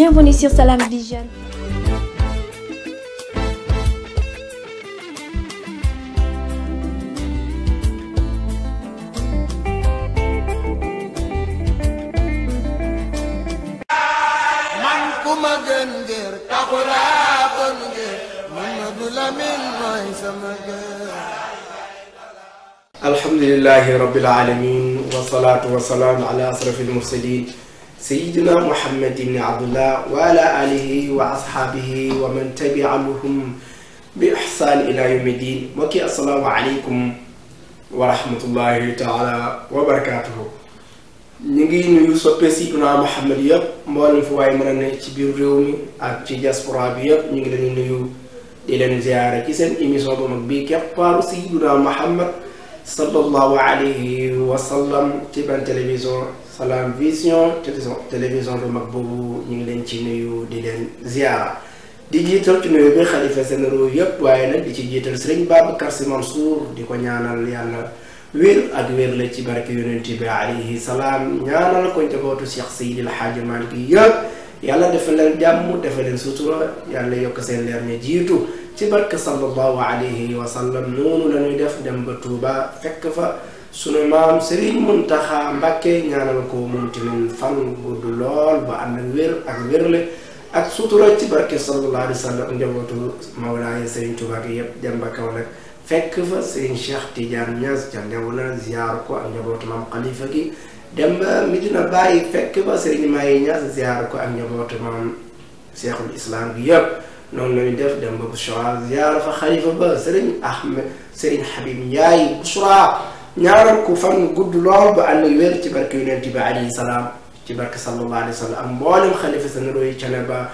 Bienvenue sur Salam Vision. alhamdulilahi rabil aalamiin wasalaatu wasalaam ala asrafil mursaliin sayidina muhammad ibni abdullah wa ala alihi wa ashaabihi wa man tabiahum bi ixsaan ila yawmi diin mbokki assalaamu aleykum wa rahmatullahi taala wa barakaatuhu ñu ngi nuyu soppe sayidina muhammad yépp mboolem fu waaye mën a ne ci biir réew mi ak ci diaspora bi yépp ñu ngi leen nuyu di leen ziyaare ci seen émission bu mag bii keppaaru sayidina muhammad sallallahu alayhi wa sallam ci benn télévision Salam Vision télévision télévision bu mag boobu ñu ngi leen ci nuyu di leen ziara di jiital ci nuyu bi xalifa généraux yëpp waaye nag di ci jiital sëriñ Babacar Sy Mansour di ko ñaanal yàlla wér ak wér la ci barke yonent bi alayhi salaam ñaanal ko njabootu Cheikh Seydil Hadji Malick yëpp yàlla defal leen jàmm defal leen sutura yàlla yokk seen leer ña jiitu ci barke sallallahu alayhi wa sallam noonu la ñuy def dem ba tuuba fekk fa. sunu maam Serigne Mountakha Mbacké ñaanal ko moom fan gudd lool ba ànd ak wér ak ak sutura ci barke sallallahu alayhi wa sallam njabootu Mawlaay Serigne Touba gi yëpp dem ba kaw nag Cheikh Tidiane Niass ca ndew na ziar ko ak njabootu maam Khalifa gi dem ba fekk fa Serigne Maye Niass ziar ko ak njabootu maam Cheikhul Islam gi yëpp. noonu def dem ba Bouchra ziyaara fa xalifa ba Serigne Ahmed Serigne Habib Ndiaye Bouchra ñaanal ko fan gudd lool ba ànd ak wér ci barke yonent bi alayhi salaam ci barke sallallahu alayhi wa sallam am mboolem xalifa seen royu Thiénaba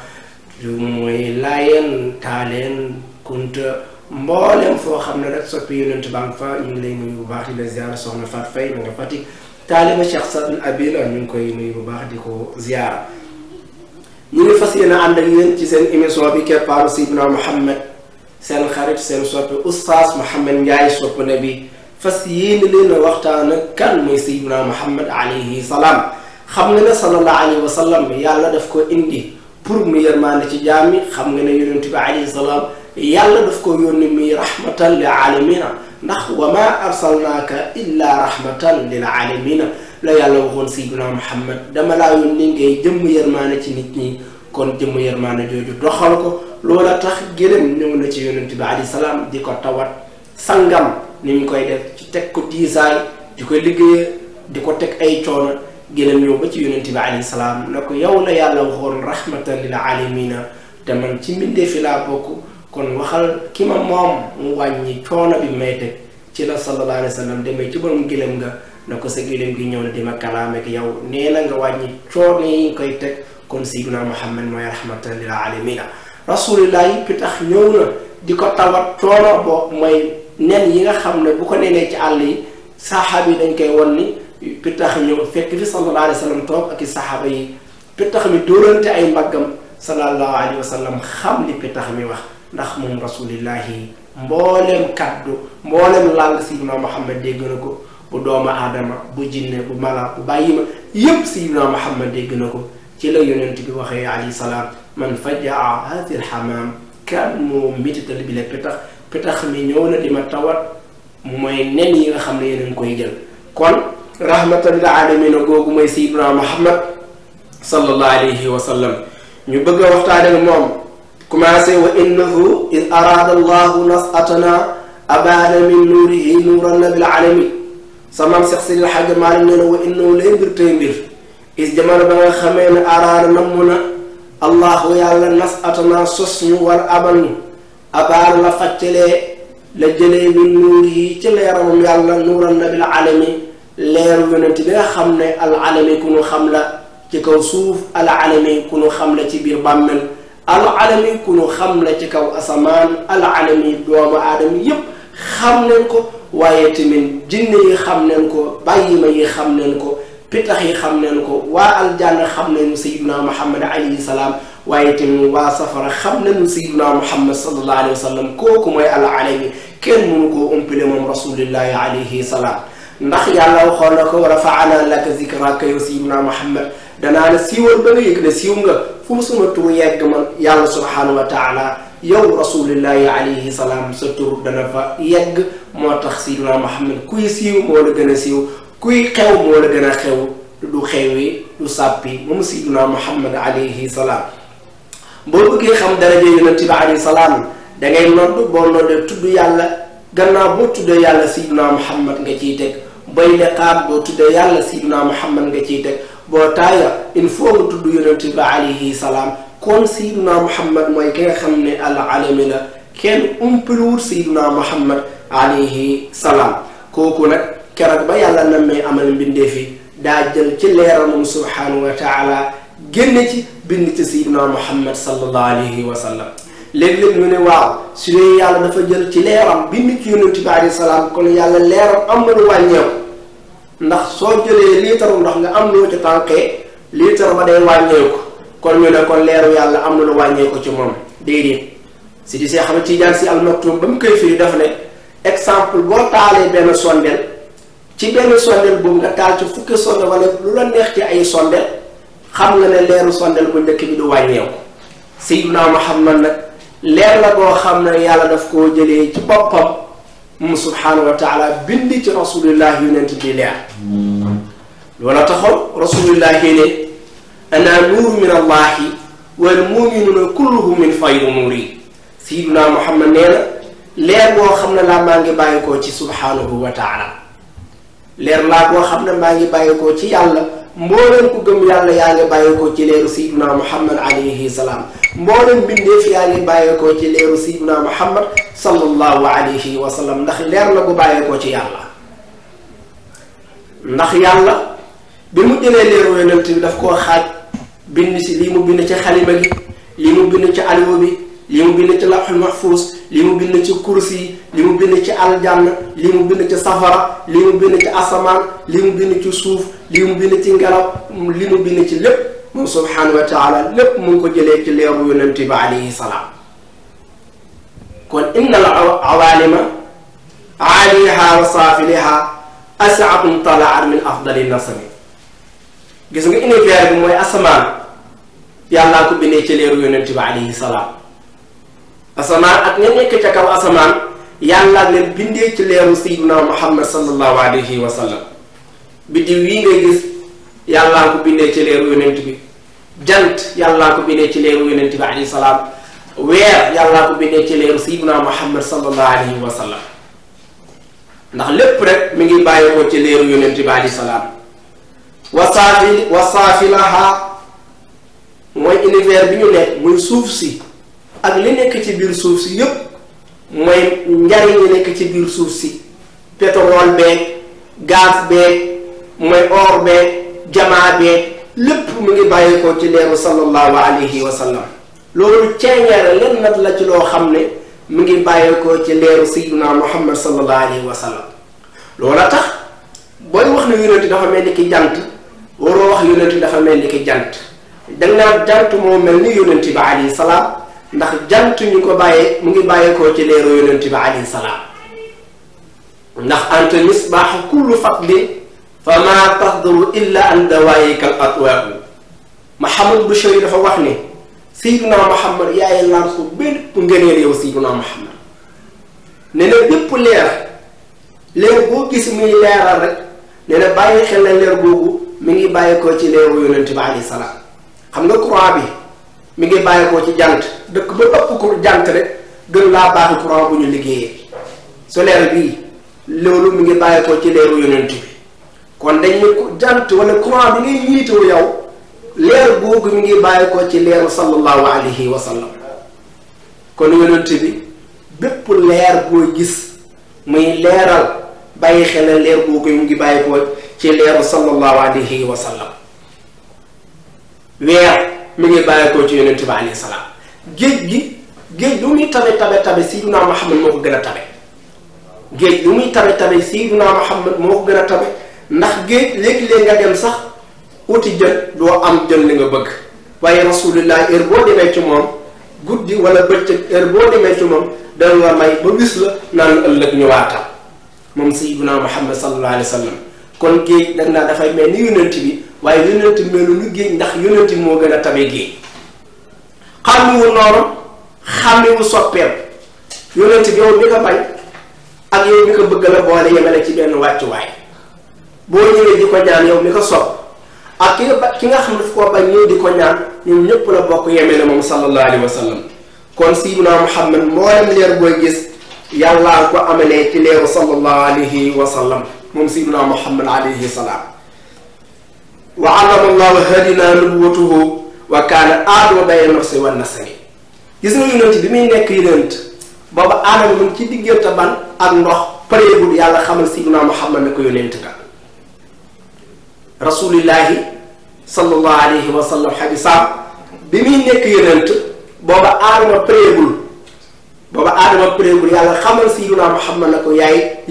mooy Laayeen Taaleen Kunta mboolem foo xam ne rek soppi yonent ba fa ñu ngi lay nuyu bu baax di la ziara soxna Fatou Faye ma nga Fatick taaliba Cheikh Sadul Abi la ñu koy nuyu bu baax di ko ziara ñu ngi fas yéene ànd ak yéen ci seen émission bi keppaaru xam Mouhamed seen xarit seen soppi oustaz Mouhamed Ndiaye sopp bi fas yéene leen a waxtaan ak kan mooy sayyidina Muhammad alayhi salaam xam nga ne sallallahu alayhi wa sallam yàlla daf ko indi pour mu yërmaande ci jaam yi xam nga ne yonent bi alayhi salaam yàlla daf ko yónni muy rahmatan lil alamina ndax wa ma arsalnaaka illa rahmatan lil alamina la yàlla waxoon sayyidina Muhammad dama laa yónni ngay jëmm yërmaande ci nit ñi kon jëmm yërmaande jooju doxal ko loola tax gëlëm ñëw na ci yonent bi alayhi salaam di ni ñu koy def ci teg ko tiisaay di ko liggéeya di ko teg ay coono gën a ñëw ba ci yonent bi alayhi salaam na ko yow la yàlla waxoon rahmatan lil alamina te man ci mbindee fi laa bokk kon waxal ki ma moom mu wàññi coono bi may teg ci la sallallahu alayhi wa sallam ci borom gëlëm nga na ko sa gëlëm gi ñëw na dima kalaam ak yow nee na nga wàññi coono yi ñu koy teg kon sayyidina Muhammad mooy rahmatan lil alamina yi tax ñëw na di ko nen yi nga xam ne bu ko nenee ci àll yi saxaaba yi dañ koy won ni pittax ñëw fekk fi sallallahu alayhi wa sallam toog ak i saxaaba yi pittax mi dóorante ay mbaggam sallallahu alayhi wa xam li pittax mi wax ndax moom rasulillahi kàddu kaddu mbooleem si Sayyidina Muhammad dégg na ko bu doomu aadama bu jinne bu mala bàyyi ma yépp Sayyidina Muhammad dégg na ko ci la yonent bi waxee alayhi salaam man fajaa haati alxamaam kan moo métital bi la pittax pitax mi ñëw na di ma tawat mooy nen yi nga xam ne yeneen koy jël kon rahmatalil alamina googu mooy sayyiduna muhammad sallallahu alayhi wa sallam ñu bëgg a waxtaane moom commencé wa innahu id araada allahu nasatana abaana min nuurihi nuuran nabil alamin samaam seex sidil xaaj maalim nee na wa innahu lay mbir tey mbir is jamono ba nga xamee ne araada namm na allahu yàlla nasatana sos ñu wala abal abaal la faccalee la jëlee min nuur yi ci leeram yàlla nuural na alami leer yonent bi nga xam ne al alami ku ñu xam la ci kaw suuf al alami ku ñu xam la ci biir bàmmeel alami ku ñu xam la ci kaw asamaan al alami doomu aadama yépp xam nañ ko waaye tamit jinne yi xam nañ ko bàyyi bàyyima yi xam nañ ko pitax yi xam nañ ko waa aljanna xam nañ sayyiduna muhammad alayhi salaam waaye tamit waa safara xam nañu sayyiduna muhammad sallallahu alayhi wa sallam kooku mooy alaalami kenn mënu koo umpile moom rasulillahi alayhi salaam ndax yàlla waxoon na ko rafaana laka zikraka yow sayyiduna muhammad danaa la siiwal ba nga yëg ne siiw nga fu mu suma tur yegg man yàlla subhanahu wa taala yow rasulillahi alayhi salaam sa tur dana fa yegg moo tax sayyiduna muhammad kuy siiw moo la gën a siiw kuy xew moo la gën a xew du xewi du sàppi moom sayyiduna muhammad alayhi salaam boo bëggee xam daraja yonent bi alayhi salaam da ngay nodd boo noddee tudd yàlla gannaaw boo tuddee yàlla sidna muhammad nga ciy teg booy leqaam boo tuddee yàlla sidna muhammad nga ciy teg boo taaya il faut nga tudd yonent bi alayhi salaam kon sidna muhammad mooy ki nga xam ne al alami la kenn umpaliwut sidna muhammad alayhi salaam kooku nag keroog ba yàlla na may amal mbindeef yi daa jël ci leeramam subhanahu wa génne ci bind ci sayyidina Muhammad sallallahu alayhi wa sallam léeg-léeg ne waaw su dee yàlla dafa jël ci leeram bind ci yonent bi alayhi salaam kon yàlla leeram am na lu wàññeeku ndax soo jëlee liitaru ndox nga am loo ci tànkee liitar ba day wàññeeku kon ñu ne kon leeru yàlla am na lu wàññeeku ci moom déedéet si di see xam ne Tijaan si Almaktum ba mu koy firi daf ne exemple boo taalee benn sondel ci benn sondel boobu nga taal ci fukki sondel wala lu la xam nga ne leeru sondeel bu njëkk bi du wàññeeku Seydina Muhammad nag leer la boo xam ne yàlla daf koo jëlee ci boppam mu subhaanahu wa taala bind ci rasulillah yonent bi leer loola taxaw rasulillah yi ne ana nuur min allahi wal muminuuna kulluhum min fayru nuuri Seydina Muhammad nee na leer boo xam ne laa maa ngi bàyyi koo ci subhaanahu wa taala leer laa boo xam ne maa ngi bàyyi koo ci yàlla mbooleen ku gëm yàlla yaa ngi bàyyeekoo ci leeru sayyiduna muhammad alayhi salaam mbooleen mbindeef yaa ngi bàyyeekoo ci leeru sayyiduna muhammad sallallahu alayhi wa sallam ndax leer la bu bàyyeekoo ci yàlla ndax yàlla bi mu jëlee leeru yonent bi daf ko xaaj bind si li mu bind ci xalima gi lii mu bind ci aliwa bi lii mu bind ci lawhul mahfuus li mu bind ci kursi yi li bind ci aljanna li mu ci safara li mu bind ci asamaan li mu ci suuf li mu bind ci ngelaw li mu ci lépp moom subhaanahu wa taala lépp mun ko jëlee ci leeru yonent bi alayhi salaam kon inna al awalima aaliha wa saafiliha asaatum talaat min afdali nasami gis nga univers bi mooy asamaan yàllaa ko bindee ci leeru yonent bi alayhi salaam asamaan ak ña nekk ca kaw asamaan yàlla leen bindee ci leeru sayyiduna muhammad sallallahu alayhi wa sallam biddiw yi ngay gis yàllaa ko jant yàllaa ko bindee ci leeru yonent bi alayhi salaam weer yàllaa ko bindee ci leeru sayyiduna muhammad sallallahu alayhi wa sallam ndax lépp rek mi ngi bàyyi ko ci leeru yonent bi alayhi salaam wasaafi wasaafilaha mooy univers bi ñu nekk muy suuf si ak li nekk ci biir suuf si yëpp mooy njariñ nekk ci biir suuf si pétrole beeg gaz beeg mooy or beeg jamaa beeg lépp mu ngi bàyyeekoo ci leeru sallallahu alayhi wa sallam loolu ceeñeere ci loo xam ne mu ngi bàyyeekoo ci leeru sayyidina muhammad sallallahu alayhi wa sallam tax booy wax ne yonent dafa mel ni ki jant waroo wax yonent dafa mel ni ki jant danga naan jant moo mel ni yonent bi alayhi salaam ndax jànt ñu ko bàyyee mu ngi bàyyeekoo ci leeru yonent bi alayhi salaam ndax anta misbaaxu kullu fadli fa maa tahduru illa an dawaayikal atwaabu Mahamad Bouchayri dafa wax ni Seydina Muhammad yaay lansu bépp ngëneel yow Seydina Muhammad ne na bépp boo gis muy leeral rek ne na ngi bàyyeekoo ci leeru yonent bi alayhi xam nga croix bi mi ngi bàyyeekoo ci jant dëkk ba ëpp ko jant rek gën laa baaxi courant bu ñu liggéeyee solaire bii loolu mi ngi bàyyeekoo ci leeru yonent bi kon dañ ne jant wala courant bi ngay yiitoo yow leer googu mi ngi bàyyeekoo ci leeru sallallahu alayhi wa sallam kon yonent bi bépp leer boo gis muy leeral bàyyi xel leer googu mi ngi bàyyeekoo ci leeru sallallahu alayhi wa weer mi ngi bàyyeekoo ci yonent bi alayhi salaam géej gi géej lu muy tabe tabe tabe Sayyiduna Muhammad moo ko gën a tabe géej lu muy tabe tabe Sayyiduna Muhammad moo ko gën a tabe ndax géej léegi-léeg nga dem sax uti jën doo am jën li nga bëgg waaye rasulullah heure boo demee ci moom guddi wala bëccëg heure boo demee ci moom dana la may ba gis la naan ëllëg ñëwaatal moom Sayyiduna Muhammad sallallahu alayhi wa sallam kon géej da nga naa dafay mel ni yonent bi waaye yonent bi melu lu géej ndax yonent bi moo gën a tabe géej xàmmiwu noonu xàmmiwu soppeem yonent bi yow mi ko bañ ak yow mi ko bëgg la boole yemale ci benn wàccuwaay boo ñëwee di ko ñaan yow mi ko sopp ak ki nga ba ki nga xam daf koo bañ ñëw di ko ñaan ñoom ñëpp la bokk yemale moom sallallahu alayhi wa sallam kon Seydina Muhammad moo leer booy gis yàllaa ko amalee ci leeru sallallahu alayhi moom sayyidina Muhammad alayhi salaam wa allama llahu hadina nubuwwatahu wa kaana aadama bayna nafsi wa nasami gis nga yonent bi muy nekk yonent mu ci diggante ban ak ndox pareegul yàlla xamal sayyidina Muhammad ne ko yonent nga bi muy nekk yonent booba aadama pareegul xamal sayyidina Muhammad ne ko yaay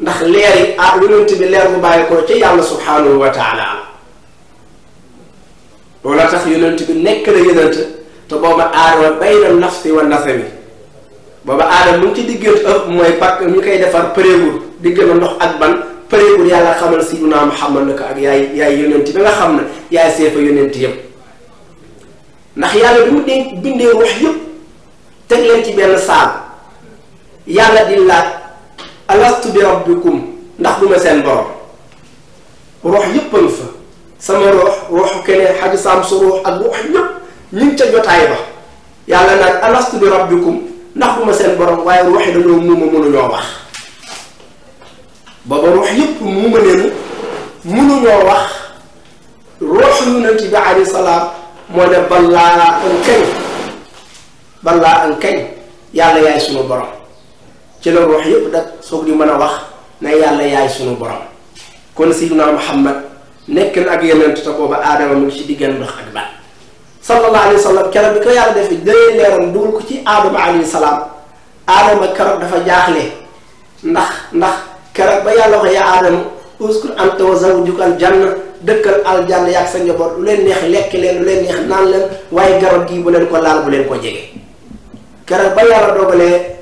ndax leer yi ah yonent bi leer bu bàyyi ko ca yàlla subhaanahu wa taala loola tax yonent bi nekk na yonent te booba aadama bayna nafsi wa nasami booba aadama mu ngi ci diggante ëpp ah, mooy pàkk ñu koy defar përeegul diggante ndox ak ban përeegul yàlla xamal sayyidunaa Muhammad na ko ak yaay yaay yonent bi nga xam ne yaay seefa yonent yëpp ndax yàlla bi mu dénk bindee wax yëpp teg ci benn saal yàlla alastu bi rabbikum ndax duma seen borom ruux yépp fa sama ruux ruuxu keneen xaddi su ruux ak ruux ñépp ñu ca jotaay ba yàlla naan alastu bi rabbikum ndax ma seen borom waaye ruux yi dañoo muuma mënuñoo wax booba ruux yépp muuma leenu mënuñoo wax ruux yonent bi alayhi salaam moo ne balaa an kañ balaa an kañ yàlla yaay sunu borom ci la ruux yépp nag soog di mën a wax ne yàlla yaay sunu borom kon sayyiduna Muhammad nekk na ak yonent te booba aadama mu ngi ci diggante ndox ak baat sallallahu alayhi wa sallam keroog ko yàlla defee dalee leeram dugal ko ci aadama alayhi salaam aadama keroog dafa jaaxle ndax ndax keroog ba yàlla ko yaa aadama uskur anta wa zawjuka al janna dëkkal aljanna yàgg sa njaboot lu leen neex lekk leen lu leen neex naan leen waaye garab gii bu leen ko laal bu leen ko jege keroog ba yàlla dogalee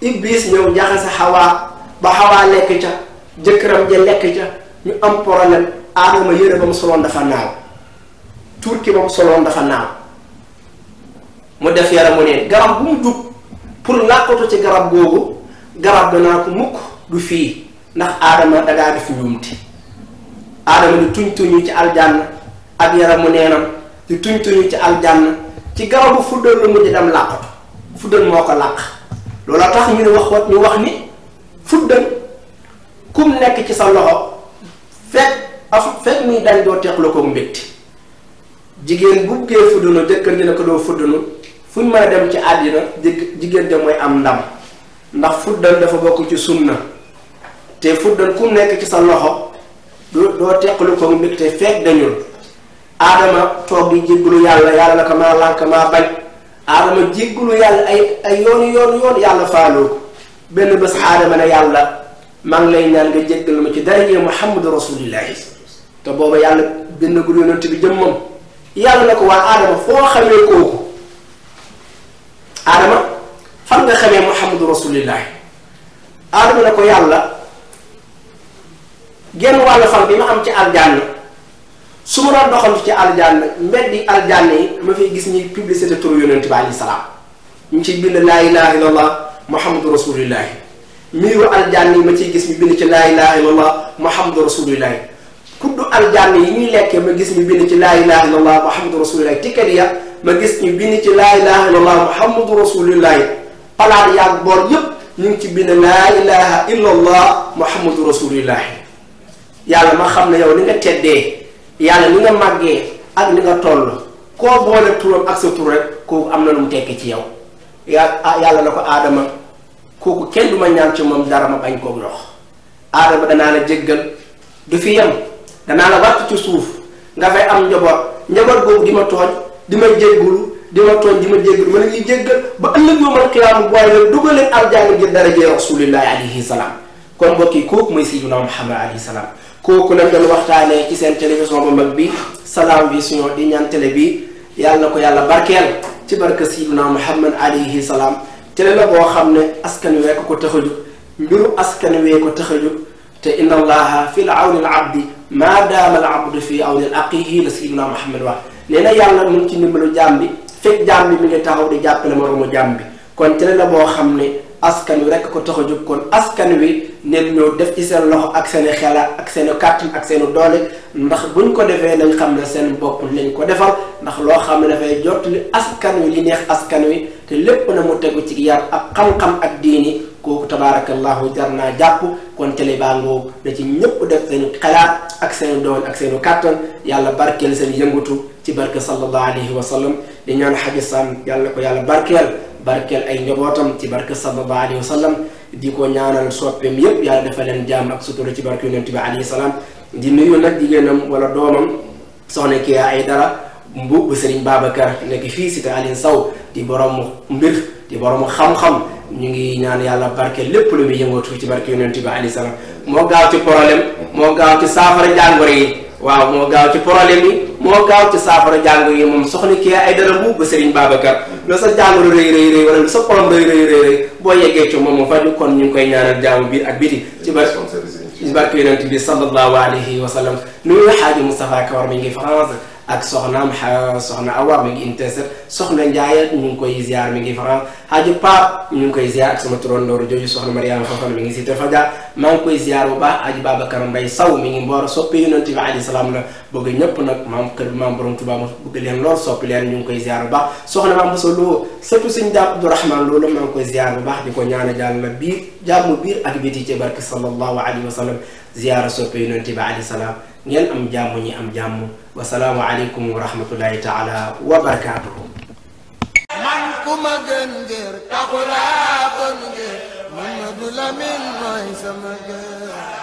Iblis ñëw jaxase xawaa ba xawaa lekk ca jëkkëram ja lekk ca ñu am problème aadama yére ba mu soloon dafa naaw turki ba mu soloon dafa naaw mu def yaramu neen garab bu mu dugg pour làqatu ci garab googu garab danaa ko mukk du fii ndax aadama dangaa def njuumti aadama di tuñ tuñu ci aljan ak yaramu neenam di tuñ tuñu ci aljanna ci garabu fuddal lu mujj dem làqatu fuddal moo ko làq loolu tax ñu ne wax ñu wax ni fuddan kum nekk ci sa loxo fekk af fekk muy dañ doo teexlu ko mbégte jigéen bu buggee fuddanu jëkkër ji ne ko doo fuddanu fuñ mën a dem ci àddina jigéen ja mooy am ndam ndax fuddan dafa bokk ci sunna te fuddan kum nekk ci sa loxo doo doo teexlu ko mbégte fekk dañul aadama toog di jéggalu yàlla yàlla na maa lànk maa bañ aadama jéggalu yàlla ay ay yoon yoonu yoonu yàlla faaloo ko benn bés aadama ne yàlla maa ngi lay ñaan nga jéggal ma ci daraje muhammadu rasulillahi te booba yàlla bindagul yonent bi jëmmam yàlla na ko waa aadama foo xamee kooku aadama fan nga xamee muhammadu rasulillahi aadama na ko yàlla genn wàllu fan bi ma am ci aljanna su ma doon doxal ci aljanna mbeddi aljanna yi ma fiy gis ñuy publicité turu yonent bi salaam ñu ciy bind laa ilaha illallah muhammadu rasulillahi miiru aljanna yi ma ciy gis bind ci laa ilaha illallah muhammadu rasulillahi kuddu aljanna yi ñuy lekkee ma gis ñu bind ci laa ilaha illallah muhammadu rasulillahi tikkati ya ma gis ñu bind ci laa ilaha illallah muhammadu rasulillahi palaat yaag boor yépp ñu ngi ci bind laa ilaha illallah muhammadu rasulillahi yàlla ma xam ne yow li nga teddee yàlla li nga màggee ak li nga toll koo boole turam ak sa tur rek kooku am na lu mu tekki ci yow ah, yàlla na ko aadama kooku kenn du ma ñaan ci moom dara ma bañ koo ndox aadama danaa la jéggal du fi yem danaa la wàcc ci suuf nga fay am njaboot njaboot boobu di ma tooñ di ma jéggulu di ma tooñ di ma jéggulu ma ne ñuy jéggal ba ëllëg yoomal xiyaamu waaye la dugaleen aljanna ngir dara jee rasulillahi alayhi salaam kon mbokk yi kooku mooy sayyidina Muhammad kooku lañ doon waxtaanee ci seen télévision bu mag bi Salam Vision di ñaan bi yàlla na ko yàlla barkeel ci barke Sayyidina Muhammad alayhi salaam télé na boo xam ne askan wee ko ko tax a jóg mbiru askan wee ko tax te inna allaha fi l awni l abdi maa daama al abdu fi awni l aqihi la Sayyidina Muhammad wax nee na yàlla mu ngi ci ndimbalu jaam bi fekk jaam bi mi ngi taxaw di jàppale moroomu jaam bi kon télé la boo xam ne. askan wi rek ko tax a jóg kon askan wi neen ñoo def ci seen loxo ak seen i xelaat ak seen i kàttan ak seen i doole ndax ko defee nañ xam ne seen bopp lañ ko defal ndax xam ne dafay jottali askan wi li neex askan wi te lépp na mu tegu ci yar ak xam-xam ak diini kooku tabaarakallahu jar naa jàpp kon télé baa na ci ñëpp def seen ak seen doon ak seen kàttan yàlla barkeel seen yëngatu ci barke sallallahu alayhi wa sallam di ñaan xaji sam yàlla ko yàlla barkeel barkeel ay njabootam ci barke sallallahu alayhi wa sallam ñaanal soppeem yépp yàlla dafa jaam ak ci barke yonent bi alayhi salaam di nuyu ay dara mbu bu Serigne Babacar nekk fii cité Aline Sow di borom mbir di borom xam-xam ñu ngi ñaan yàlla barke lépp lu muy yëngatu ci barke yonent bi alayhi salaam moo gaaw ci problème moo gaaw ci saafara jàngoro yi waaw moo gaaw ci problème yi moo gaaw ci saafara jàngoro yi moom soxna kii ay dara bu ba Serigne Babacar lu sa jàngoro rëy rëy rëy wala lu sa problème rëy ci moom mu faju kon ñu ngi koy ñaanal jaamu bi ak biti ci ba ci barke yonent bi sallallahu alayhi wa sallam nuyu xaaji Moustapha Kawar mi ngi France ak soxnaam soxna Awa mi ngi Intesa soxna Ndiaye ñu ngi koy ziar mi ngi France Hadj Pape ñu ngi koy ziar ak sama turandooru jooju soxna Mariama Fofana mi ngi si Tafaja maa ngi koy ziar bu baax Hadj Babacar Mbaye Sow mi ngi mboor soppi yonent bi alayhi salaam la bëgg ñëpp nag maam kër maam borom Tuubaa ma bëgg leen lool soppi leen ñu ngi koy ziar bu baax soxna maam Bousso Lo surtout suñu jàpp Abdourahman loolu maa ngi koy ziar bu baax di ko ñaana jàll la biir jàmm biir ak biti ci barke sallallahu alayhi wa sallam ziar soppi yonent bi alayhi salaam ngeen am jàmm ñi am jàmm wasalaamu aleykum wa rahmatullahi taala wa barakaatuhu man ku ma gën ngir taxulaa kon ngir Mamadou Lamine mooy sama gën